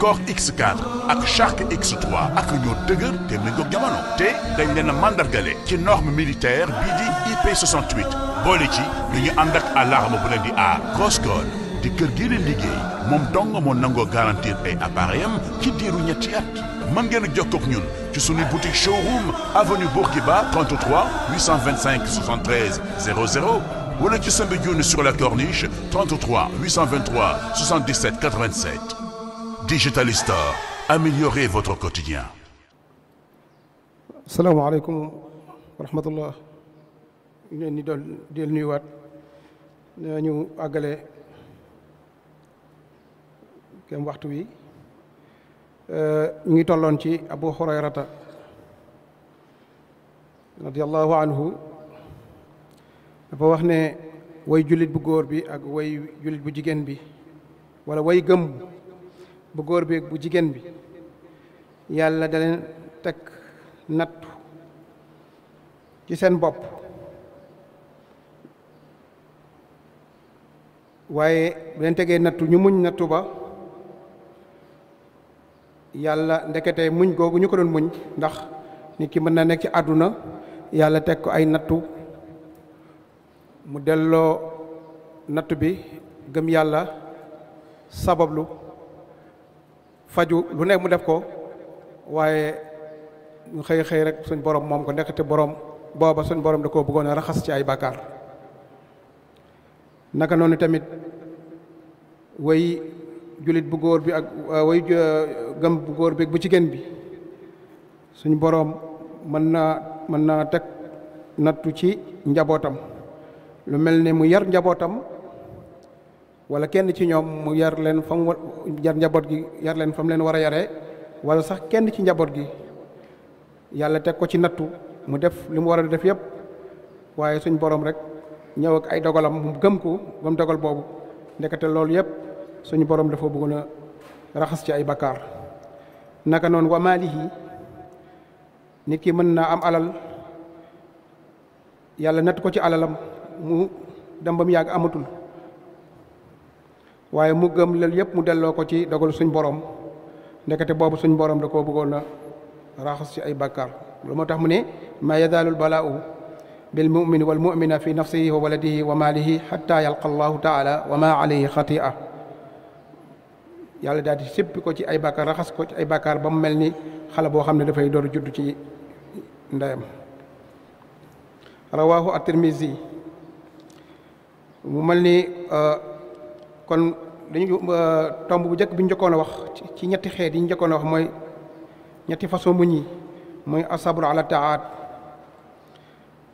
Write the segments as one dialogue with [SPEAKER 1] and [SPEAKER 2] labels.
[SPEAKER 1] Core X4 ak Shark X3 ak ñoo dëgër te méngoog jamono te dañ leen a mandargale ci norme militaire bii di ip boole ci lu ñu ànd ak alarme bu leen di aar Crosscall di kër gi leen liggéey moom dong moo nangoo garantir ay appareil am ci diiru ñetti at mën ngeen a jokkoo ak ñun ci suñu boutique showroom avenue Bourguiba 33 825 73 00 wala ci sambi junni sur la corniche 33 823 77 87 Digital Store, améliorez votre quotidien.
[SPEAKER 2] salaamaaleykum wa rahmatullah ñu leen di doon di leen nuyuwaat àggale kem waxtu wi ñu ngi tolloon ci Abu Hurayrata radiyallahu anhu dafa wax ne way jullit bu góor bi ak way jullit bu jigéen bi wala way gëm bu góor bi bu jigéen bi yàlla da teg nattu ci seen bopp waaye bu leen tegee nattu ñu muñ nattu ba yàlla ndekete muñ googu ñu ko doon muñ ndax nit ki mën na nekk ci àdduna yàlla teg ko ay nattu mu delloo nattu bi gëm yàlla sabablu faju lu ne mu def ko waaye mu xëy xëy rek suñ borom moom ko ndekete borom booba suñ borom da koo bëggoon a raxas ci ay bàkkaar naka noonu tamit way julit bu góor bi ak euh, way euh, gëm bu góor bi ak bu jigéen bi suñ borom mën naa mën naa teg nattu ci njabootam lu mel ne mu yar njabootam wala kenn ci ñoom mu yar leen fa mu jar njaboot gi yar leen fam leen war a yare wala sax kenn ci njaboot gi yàlla teg ko ci nattu mu def li mu war a def yëpp waaye suñ borom rek ñëw ay dogalam mu gëm ko ba mu dogal boobu ndekete loolu yëpp suñu borom dafa bëggoon a raxas ci ay bakkaar naka noonu wa maalihi nit ki mën naa am alal yàlla natt ko ci alalam mu dem ba yàgg amatul. waaye mu gëm loolu yépp mu delloo ko ci dogal suñ boroom ndekete boobu suñ borom da koo bëggoon a raxas ci ay bàkkaar lu moo tax mu ne maa yazaalul balaau bil mumin wal mumina fi nafsihi wa waladihi wa maalihi xatta yalqa allahu taala wa maa alayhi xatia yàlla daal di séppi ko ci ay bàkkaar raxas ko ci ay bàkkaar ba mu mel ni xale boo xam ne dafay door judd ci ndeyam rawaahu at-Tirmizi mu mel ni euh, kon dañu tomb bu njëkk bi ñu a wax ci ñetti xeet yi ñu njëkkoon a wax mooy ñetti façon muñ yi mooy asabru ala taat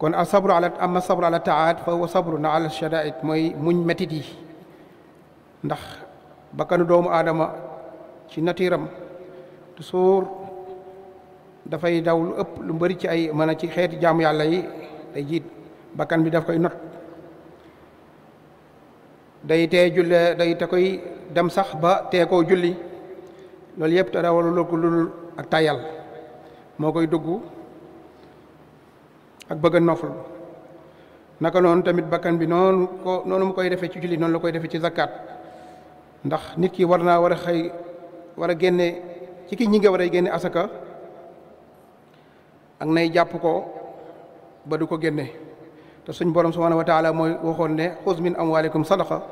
[SPEAKER 2] kon a ala ama sabru ala taat fa wa sabru na ala shadait mooy muñ metit yi ndax bakkanu doomu aadama ci natiiram toujours dafay daw lu ëpp lu mbëri ci ay mën ci xeeti jaamu yàlla yi jiit bakkan bi daf koy not day tee julle day te koy dem sax ba tee koo julli loolu yëpp te dawal lu lul ak tayal moo koy dugg ak bëgg a nofl naka noonu tamit bakkan bi noonu ko noonu mu koy defee ci julli noonu la koy defee ci zakkaat ndax nit ki war naa war a xëy war a génne ci ki ñi nga war a génne asaka ak nay jàpp ko ba du ko génne te suñ borom subhanahu wa taala mooy waxoon ne xuz min amwalikum sadaqa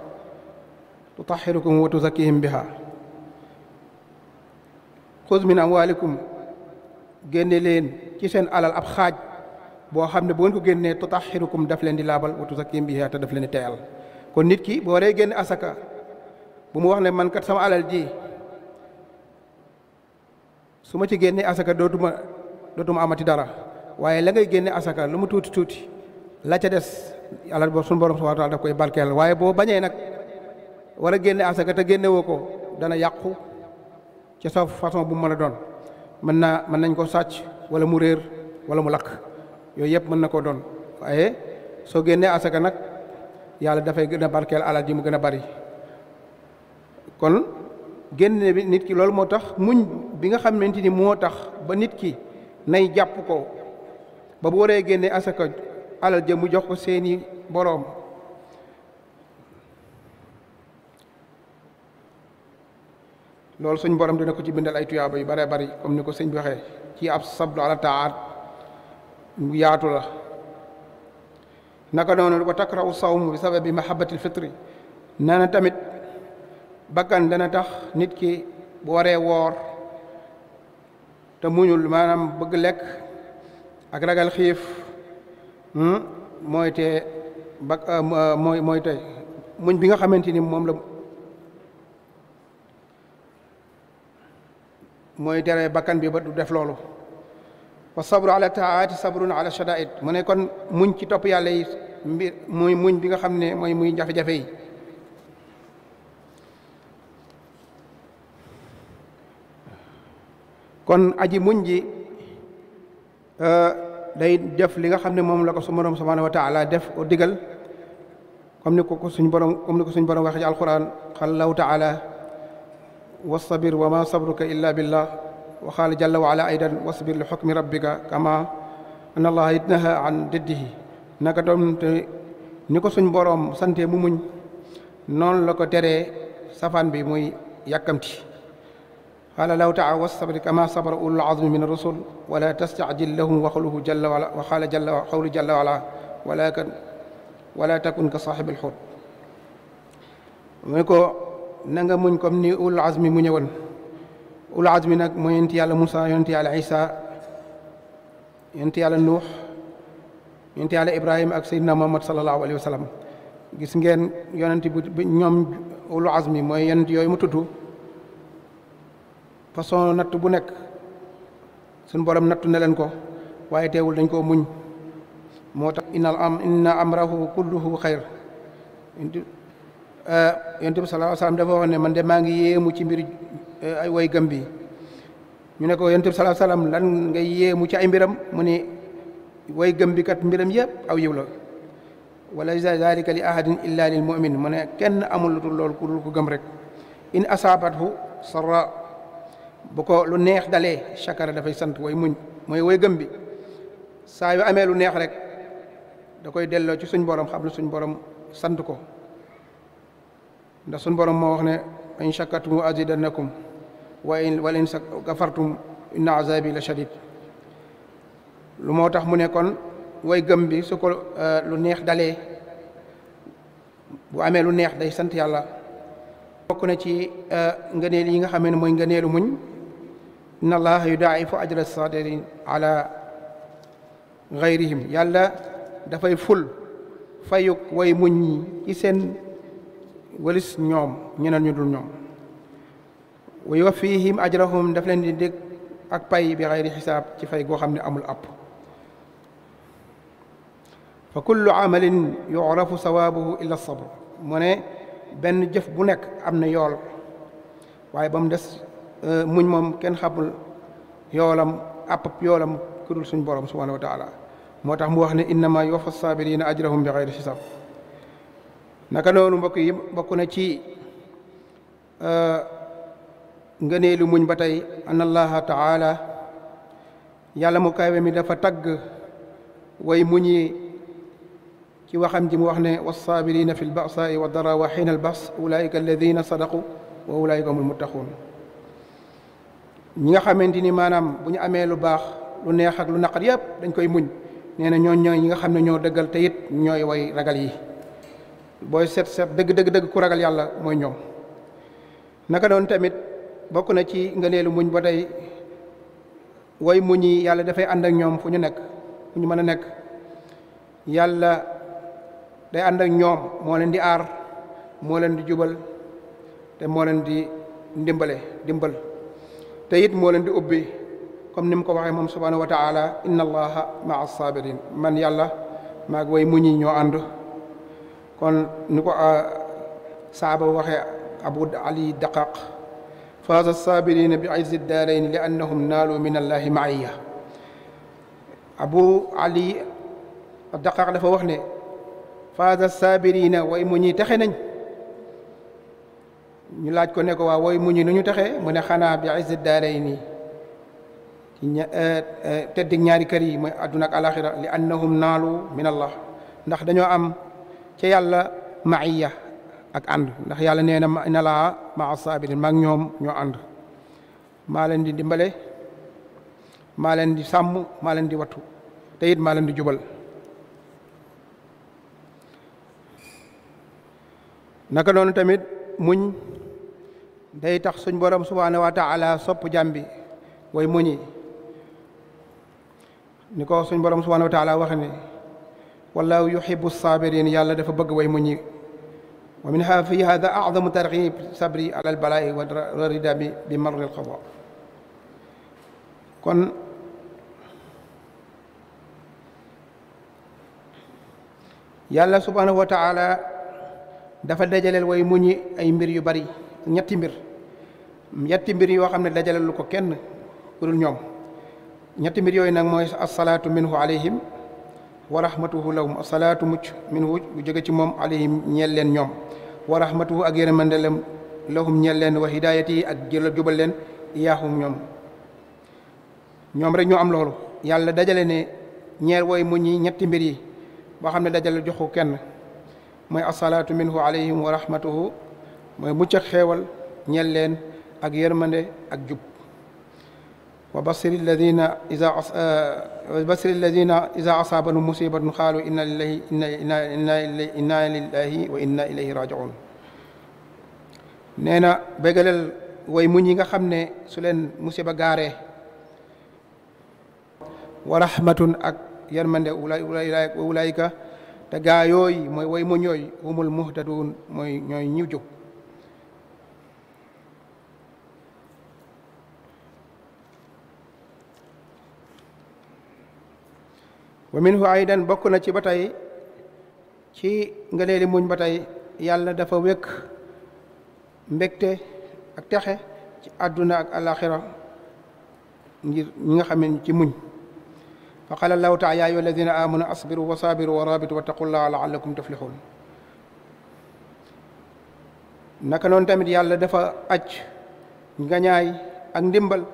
[SPEAKER 2] tutahirukum wa tuzakkihim biha xuz min walekum génne leen ci seen alal ab xaaj boo xam ne bu ngeen ko génnee tutahirukum daf leen di laabal wa tuzakkihim biha te daf leen di teyal kon nit ki boo dee génne asaka bu mu wax ne man kat sama alal ji su ma ci génnee asaka dootuma dootuma amati dara waaye la ngay génne asaka lu mu tuuti tuuti la ca des alal boobu suñu borom subhaanahu wa koy barkeel waaye boo bañee nag war a génne asaka te génne ko dana yàqu ci sa façon bu mu mën a doon mën naa mën nañ ko sàcc wala mu réer wala mu lakk yooyu yëpp mën na koo doon waaye soo génnee asaka nag yàlla dafay gën a barkeel alal ji mu gën a bari kon génne bi nit ki loolu moo tax muñ bi nga xamante ni moo tax ba nit ki nay jàpp ko ba bu waree génne asaka alal jëm mu jox ko seeni boroom loolu suñ borom ne ko ci bindal ay tuyaaba yu bare bari comme ni ko sëñ bi waxee ci ab sablu ala taat yaatu la naka noonu wa takrahu sawmu bi sababi mahabbatil fitri nee na tamit bakkan dana tax nit ki bu waree woor te muñul maanam bëgg lekk ak ragal xiif Hmm? mooy te ba ah, ah, muñ bi nga xamante ni moom la mooy tere bakkan bi ba du def loolu wa sabru ala taati sabrun ala shadaid mu ne kon muñ ci topp yàlla yi mbir muy muñ bi nga xam ne mooy muy jafe-jafe kon aji muñ ji ah, day def li nga xam ne moom la ko su borom subhanahu wa taala def oo digal comme ni ko ko suñ borom comme ni ko suñ borom waxee ci alquran wa ma sabruka illa billah wa xaala jalla wa ala aydan wasbir li xukmi rabbika kama an allaha yitnaha an diddihi naka doom te ni ko suñ borom sante mu muñ noonu la ko teree safaan bi muy yàkkamti قال له تعالى واصطبر كما صبر أولو العظم من الرسل ولا تستعجل لهم وقوله جل وعلا وقال جل قوله جل وعلا ولكن ولا تكن mu ne ko na muñ comme ni ulul azmi mu ñëwoon ulul azmi nag mooy yonent yàlla Moussa yonent yàlla Isa yonent yàlla Nuux yonent yàlla Ibrahima ak Seydina Muhammad sallallahu alayhi wa sallam gis ngeen yonent bu ñoom ulul azmi mooy yonent yooyu mu tudd façon natt bu nekk suñ borom nattu ne leen ko waaye teewul dañ koo muñ moo tax innal am inna am kulluhu xayr yonent bi eh, sallallahu alayhi wasallam dafa wax ne man de maa ngi yéemu ci mbir eh, ay way gëm bi ñu ne ko yonent bi sallallahu lan ngay yéemu ci ay mbiram mu ni way gëm kat mbiram yëpp aw yiw la wala zalika li ahadin illa lil mu'min mu ne kenn amul lu dul loolu ku gëm rek in asaabathu sarra bu ko lu neex dalee chakara dafay sant way muñ mooy way gëm bi saa yu amee lu neex rek da koy delloo ci suñ borom xam ne suñ borom sant ko ndax suñ borom moo wax ne in chakartum azidannakum wa in wala in kafartum inna azabi la shadid lu moo tax mu ne kon way gëm bi su ko eh, lu neex dalee bu amee lu neex day sant yàlla bokk na ci eh, ngëneel yi nga xamee ne mooy nga neelu muñ inna allaha yudaa'ifu ajra sabirin ala gayrihim yàlla dafay ful fayuk way muñ ñi ci seen walis ñoom ñeneen ñu dul ñoom wa yuwaffihim ajrahum daf leen di dégg ak pay bi xayri xisaab ci fay goo xam ne amul app fa kullu amalin yu'rafu sawaabuhu illa ne benn jëf bu nekk am na yool waaye ba mu des Euh, muñ moom kenn xamul yoolam àpp yoolam ku dul suñ borom subhanahu wa moo tax mu wax ne innama yuwaffa saabirina ajrahum bi ci hisab naka noonu mbokk yi bokk na ci euh, ngëneelu muñ ba tey an allaha taala yàlla mu kawe mi dafa tagg way muñi ci waxam ji mu wax ne wassaabirina fi lbasaai wa dara wa xiina albas ulaika alladina sadaqu wa ulaika mu muttaquun ñi nga xamante ni maanaam bu ñu amee lu baax lu neex ak lu naqar yëpp dañ koy muñ nee na ñoo ñooy ñi nga xam ne ñoo dëggal teyit ñooy way ragal yi booy set set dëgg dëgg dëgg ku ragal yàlla mooy ñoom naka noonu tamit bokk na ci ngëneelu muñ ba tey woy muñ yi yàlla dafay ànd ak ñoom fu ñu nekk fu ñu mën a nekk yàlla day ànd ak ñoom moo leen di aar moo leen di jubal te moo leen di ndimbale dimbal te it moo leen di ubbi comme ni mu ko waxee moom subhaanahu wa taala inna allaha ma sabirin man yàlla maag way muñi ñoo ànd kon ni ko ah, saaba waxee abu ali daqaq faaza sabirina bi izzi daarayn li annahum naalu min allahi maaya abu ali daqaq dafa wax ne faaza sabirina way muñi taxe nañ ñu laaj ko ne ko waa wooy muñi nu ñu taxee mu ne xanaa bi ay izzi nii eh, eh, tedd ñaari kër yi mooy àdduna ak alaxira li annahum naalu min allah ndax dañoo am ca yàlla maiya ak ànd ndax yàlla nee na na laa maa ñoom ñoo ànd maa leen di dimbale maa leen di sàmm maa leen di wattu te it maa leen di jubal naka noonu tamit muñ day tax suñ borom subhaanahu wa taala sopp jàmbi way muñi ni ko suñ borom subhaanahu wa taala waxe ne wallaahu yuhibbu saabiriin yàlla dafa bëgg way muñi wa min ha fi hada azamu targhib sabri ala albalaa'i wa rida bi bi marril kon yàlla subhaanahu taala dafa dajaleel way muñi ay mbir yu bari ñetti mbir ñetti mbir yoo xam ne dajale lu ko kenn ku dul ñoom ñetti mbir yooyu nag mooy asalaatu minhu alayhim wa rahmatuhu lahum mucc minhu bu ci moom alayhim ñeel leen ñoom wa rahmatuhu ak yërmande lahum ñeel leen wa hidaayati ak jël jubal leen yaahum ñoom ñoom rek ñoo am loolu yàlla dajale ne ñeer wooy mu ñi ñetti mbir yi boo xam ne dajale joxu kenn mooy asalaatu minhu alayhim wa rahmatuhu mooy mucc ak xeewal ñel leen ak yërmande ak jub wa basiri alladina ida wa basiri alladina ida asaabanu musibatun qaalu inna lillahi inna lillahi wa inna ilayhi rajiun nee na bégalel way muñ yi nga xam ne su leen musiba gaare wa rahmatun ak yërmande ulaayika te gaa yooyu mooy way muñ yooyu humul muhtadun mooy ñooy ñu jóg wa minhu aydan bokk na ci ba tey ci ngëneeli muñ ba tey yàlla dafa wékk mbégte ak texe ci àdduna ak alaxira ngir ñi nga xam ci muñ fa qala allahu taala ya ayyuha alladina amanu yàlla dafa aj ngañaay ak ndimbal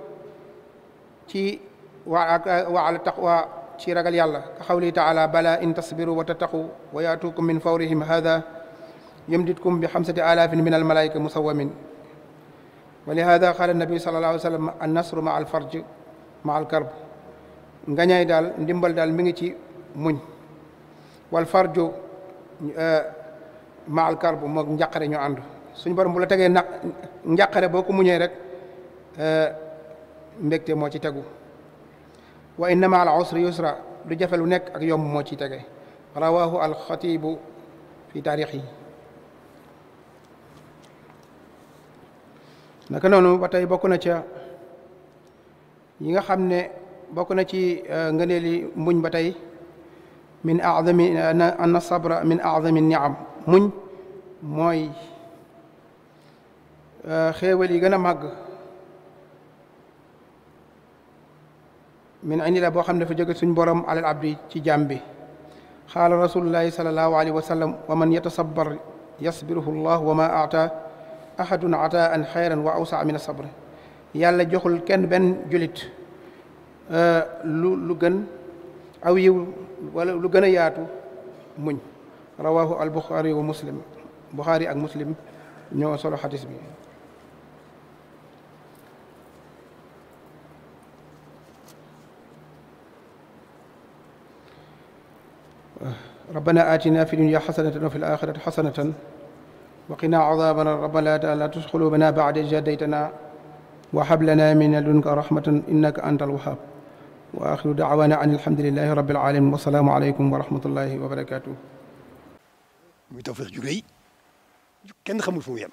[SPEAKER 2] ci wa wa ci ragal yàlla ka xawli taala bala in tasbiru wa tattaqu wa yaatukum min fawrihim hada yumditkum bi xamsati alaafin min almalayika musawamin wa lihada qaala nabi sallallahu alayhi wa sallam ma al farj ma daal ndimbal daal mi ngi ci muñ wal farju eh, ma al karb moog njàqare ñu ànd suñ borom bu tegee naq njaqare boo ko muñee rek eh, mbégte moo ci tegu wa inna ma al usri yusra lu jafe lu nekk ak yomb moo ci tege rawaahu alxatibu fi taarix naka noonu ba tey bokk na ca yi nga xam ne bokk na ci euh, ngëneeli muñ ba tey min azami anna sabra min azami niam muñ mooy euh, xéewal yi gën a màgg min indi la boo xam ne dafa jóge suñ borom alal abdi ci jaam bi xaala rasulullahi salallahu alayhi wa sallam wa man yatasabar yasbiruhu llah wa ma ata ahadun ata an xayran wa awsaa joxul kenn benn julit euh, lu lu gën aw yiw wala lu gën a yaatu muñ rawahu al buxaari wa muslim buxaari ak muslim ñoo solo xadis bi ربنا آتنا في الدنيا حسنة وفي الآخرة حسنة وقنا عذاب النار ربنا لا تزغ قلوبنا بعد إذ هديتنا وهب لنا من لدنك رحمة إنك أنت الوهاب وآخر دعوانا عن الحمد لله رب العالمين والسلام عليكم ورحمة الله وبركاته muy Tawfekh jugee yi kenn xamul fu mu yem